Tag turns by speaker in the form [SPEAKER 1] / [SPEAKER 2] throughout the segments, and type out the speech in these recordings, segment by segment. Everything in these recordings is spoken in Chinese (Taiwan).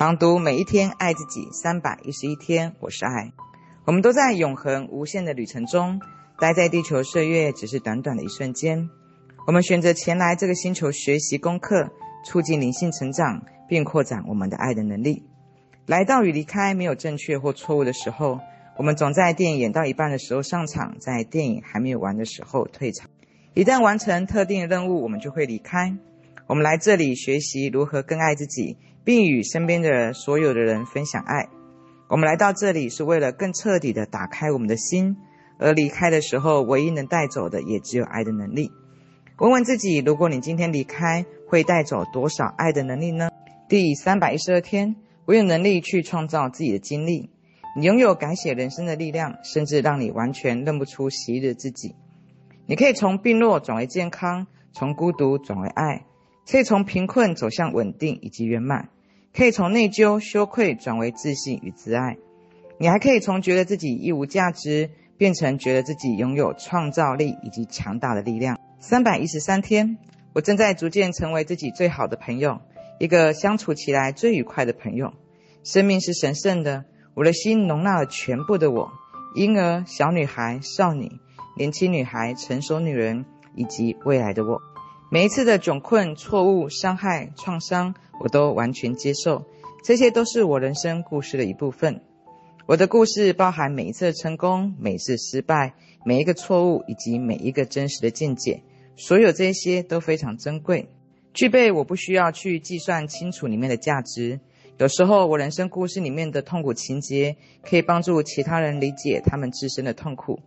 [SPEAKER 1] 朗讀每一天，愛自己三百一十一天。我是愛，我們都在永恆無限的旅程中，待在地球歲月只是短短的一瞬間。我們選擇前來這個星球，學習功課，促進靈性成長，並擴展我們的愛的能力。來到與離開沒有正確或錯誤的時候，我們總在電影演到一半的時候上場，在電影還沒有完的時候退場。一旦完成特定的任務，我們就會離開。我們來這裡學習如何更愛自己，並與身邊的所有的人分享愛。我們來到這裡是為了更徹底地打開我們的心，而離開的時候，唯一能帶走的也只有愛的能力。問問自己：如果你今天離開，會帶走多少愛的能力呢？第三百一十二天，我有能力去創造自己的經歷。你擁有改寫人生的力量，甚至讓你完全認不出昔日的自己。你可以從病弱轉為健康，從孤獨轉為愛。可以從貧困走向穩定以及圓滿，可以從內疚、羞愧轉為自信與自愛。你還可以從覺得自己一無價值，變成覺得自己擁有創造力以及強大的力量。三百一十三天，我正在逐漸成為自己最好的朋友，一個相處起來最愉快的朋友。生命是神聖的，我的心容納了全部的我，嬰兒、小女孩、少女、年輕女孩、成熟女人以及未來的我。每一次的窘困、錯誤、傷害、創傷，我都完全接受，這些都是我人生故事的一部分。我的故事包含每一次的成功、每一次失敗、每一個錯誤以及每一個真實的見解，所有這些都非常珍貴。具備我不需要去計算清楚裡面的價值。有時候，我人生故事裡面的痛苦情節，可以幫助其他人理解他們自身的痛苦。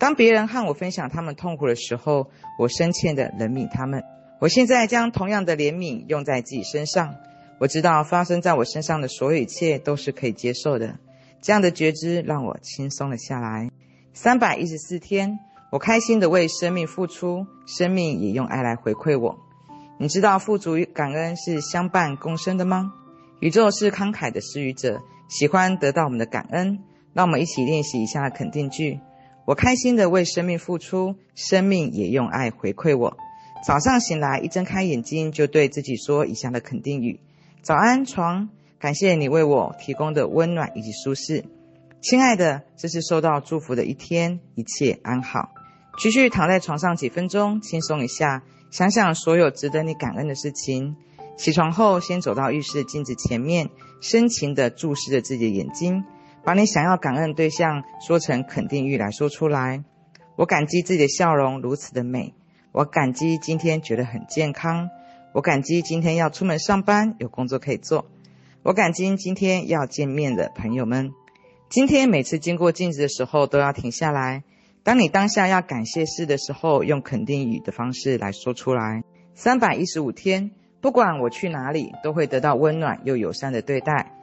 [SPEAKER 1] 當別人和我分享他們痛苦的時候，我深切地憐憫他們。我現在將同樣的憐憫用在自己身上。我知道發生在我身上的所有一切都是可以接受的。這樣的覺知讓我輕鬆了下來。三百一十四天，我開心地為生命付出，生命也用愛來回饋我。你知道富足與感恩是相伴共生的嗎？宇宙是慷慨的施予者，喜歡得到我們的感恩。讓我們一起練習一下肯定句。我開心地為生命付出，生命也用愛回饋我。早上醒來，一睜開眼睛就對自己說以下的肯定語：早安，床，感謝你為我提供的溫暖以及舒適。親愛的，這是受到祝福的一天，一切安好。繼續躺在床上幾分鐘，輕鬆一下，想想所有值得你感恩的事情。起床後，先走到浴室鏡子前面，深情地注視着自己的眼睛。把你想要感恩的對象說成肯定語來說出來。我感激自己的笑容如此的美。我感激今天覺得很健康。我感激今天要出門上班有工作可以做。我感激今天要見面的朋友們。今天每次經過鏡子的時候都要停下來。當你當下要感謝事的時候，用肯定語的方式來說出來。三百一十五天，不管我去哪裡，都會得到溫暖又友善的對待。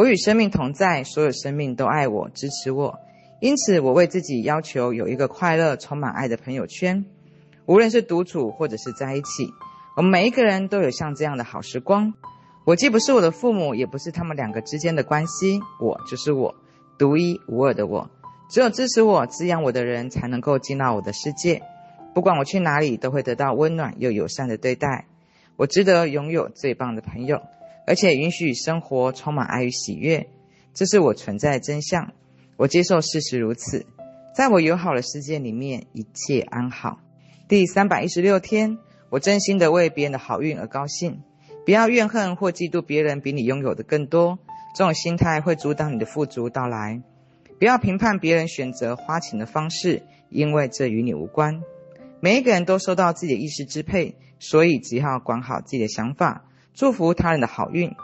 [SPEAKER 1] 我與生命同在，所有生命都愛我、支持我，因此我為自己要求有一個快樂、充滿愛的朋友圈。無論是獨處或者是在一起，我們每一個人都有像這樣的好時光。我既不是我的父母，也不是他們兩個之間的關係，我就是我，獨一無二的我。只有支持我、滋養我的人才能夠進到我的世界。不管我去哪裡，都會得到溫暖又友善的對待。我值得擁有最棒的朋友。而且允許生活充滿愛與喜悅，這是我存在的真相。我接受事實如此，在我友好的世界裡面，一切安好。第三百一十六天，我真心的為別人的好運而高興。不要怨恨或嫉妒別人比你擁有的更多，這種心態會阻擋你的富足到來。不要評判別人選擇花錢的方式，因為這與你無關。每一個人都受到自己的意識支配，所以只要管好自己的想法。祝福他人的好運，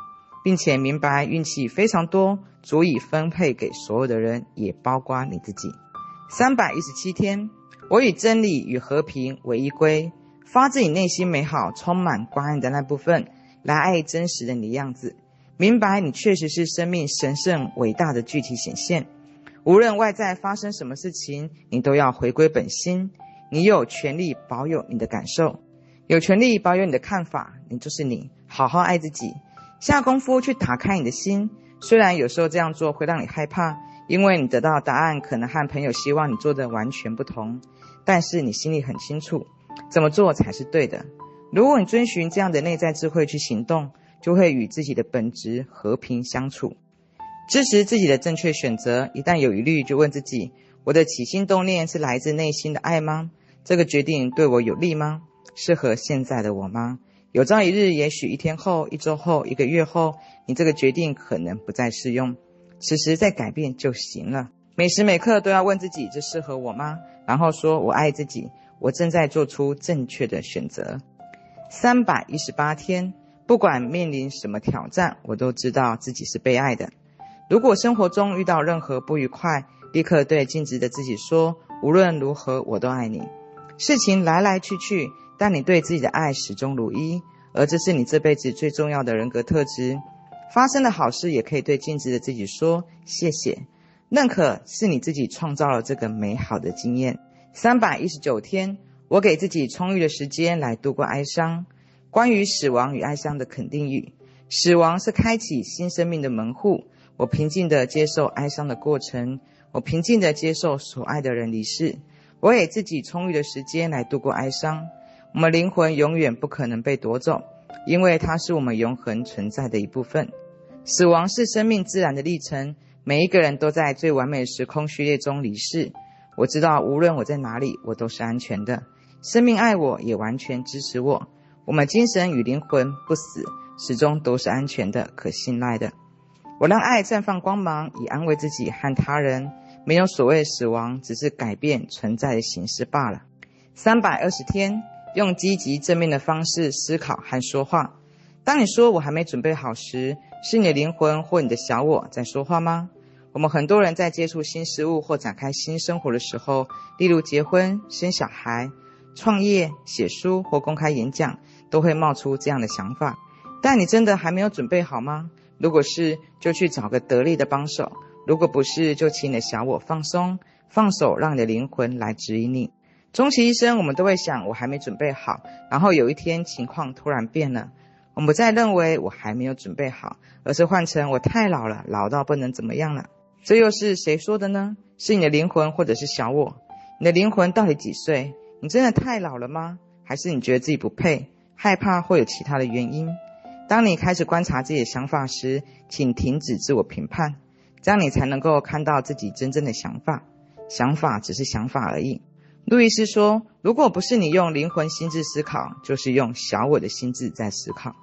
[SPEAKER 1] 並且明白運氣非常多，足以分配給所有的人，也包括你自己。三百一十七天，我以真理與和平為依歸，發自你內心美好、充滿關愛的那部分，來愛真實的你的樣子。明白你確實是生命神聖偉大的具體顯現。無論外在發生什麼事情，你都要回歸本心。你有權利保有你的感受。有權利保有你的看法，你就是你。好好愛自己，下功夫去打開你的心。雖然有時候這樣做會讓你害怕，因為你得到答案可能和朋友希望你做的完全不同，但是你心裡很清楚，怎麼做才是對的。如果你遵循這樣的內在智慧去行動，就會與自己的本質和平相處，支持自己的正確選擇。一旦有疑慮，就問自己：我的起心動念是來自內心的愛嗎？這個決定對我有利嗎？適合現在的我嗎？有朝一日，也許一天後、一週後、一個月後，你這個決定可能不再適用。此時再改變就行了。每時每刻都要問自己：這適合我嗎？然後說：“我愛自己，我正在做出正確的選擇。”三百一十八天，不管面臨什麼挑戰，我都知道自己是被愛的。如果生活中遇到任何不愉快，立刻對鏡子的自己說：“無論如何，我都愛你。”事情來來去去。但你對自己的愛始終如一，而這是你這輩子最重要的人格特質。發生的好事也可以對鏡子的自己說謝謝。認可是你自己創造了這個美好的經驗。三百一十九天，我給自己充裕的時間來度過哀傷。關於死亡與哀傷的肯定語：死亡是開啟新生命的門戶。我平靜地接受哀傷的過程。我平靜地接受所愛的人離世。我給自己充裕的時間來度過哀傷。我們靈魂永遠不可能被奪走，因為它是我們永恆存在的一部分。死亡是生命自然的歷程，每一個人都在最完美的時空序列中離世。我知道，無論我在哪裡，我都是安全的。生命愛我也完全支持我。我們精神與靈魂不死，始終都是安全的、可信賴的。我讓愛綻放光芒，以安慰自己和他人。沒有所謂死亡，只是改變存在的形式罷了。三百二十天。用積極正面的方式思考和說話。當你說“我還沒準備好”時，是你的靈魂或你的小我在說話嗎？我們很多人在接觸新事物或展開新生活的時候，例如結婚、生小孩、創業、寫書或公開演講，都會冒出這樣的想法。但你真的還沒有準備好嗎？如果是，就去找個得力的幫手；如果不是，就請你的小我放鬆、放手，讓你的靈魂來指引你。終其一生，我們都會想“我還沒準備好”。然後有一天情況突然變了，我們不再認為“我還沒有準備好”，而是換成“我太老了，老到不能怎麼樣了”。這又是誰說的呢？是你的靈魂，或者是小我？你的靈魂到底幾歲？你真的太老了嗎？還是你覺得自己不配，害怕，或有其他的原因？當你開始觀察自己的想法時，請停止自我評判，這樣你才能夠看到自己真正的想法。想法只是想法而已。路易斯說：“如果不是你用靈魂心智思考，就是用小我的心智在思考。”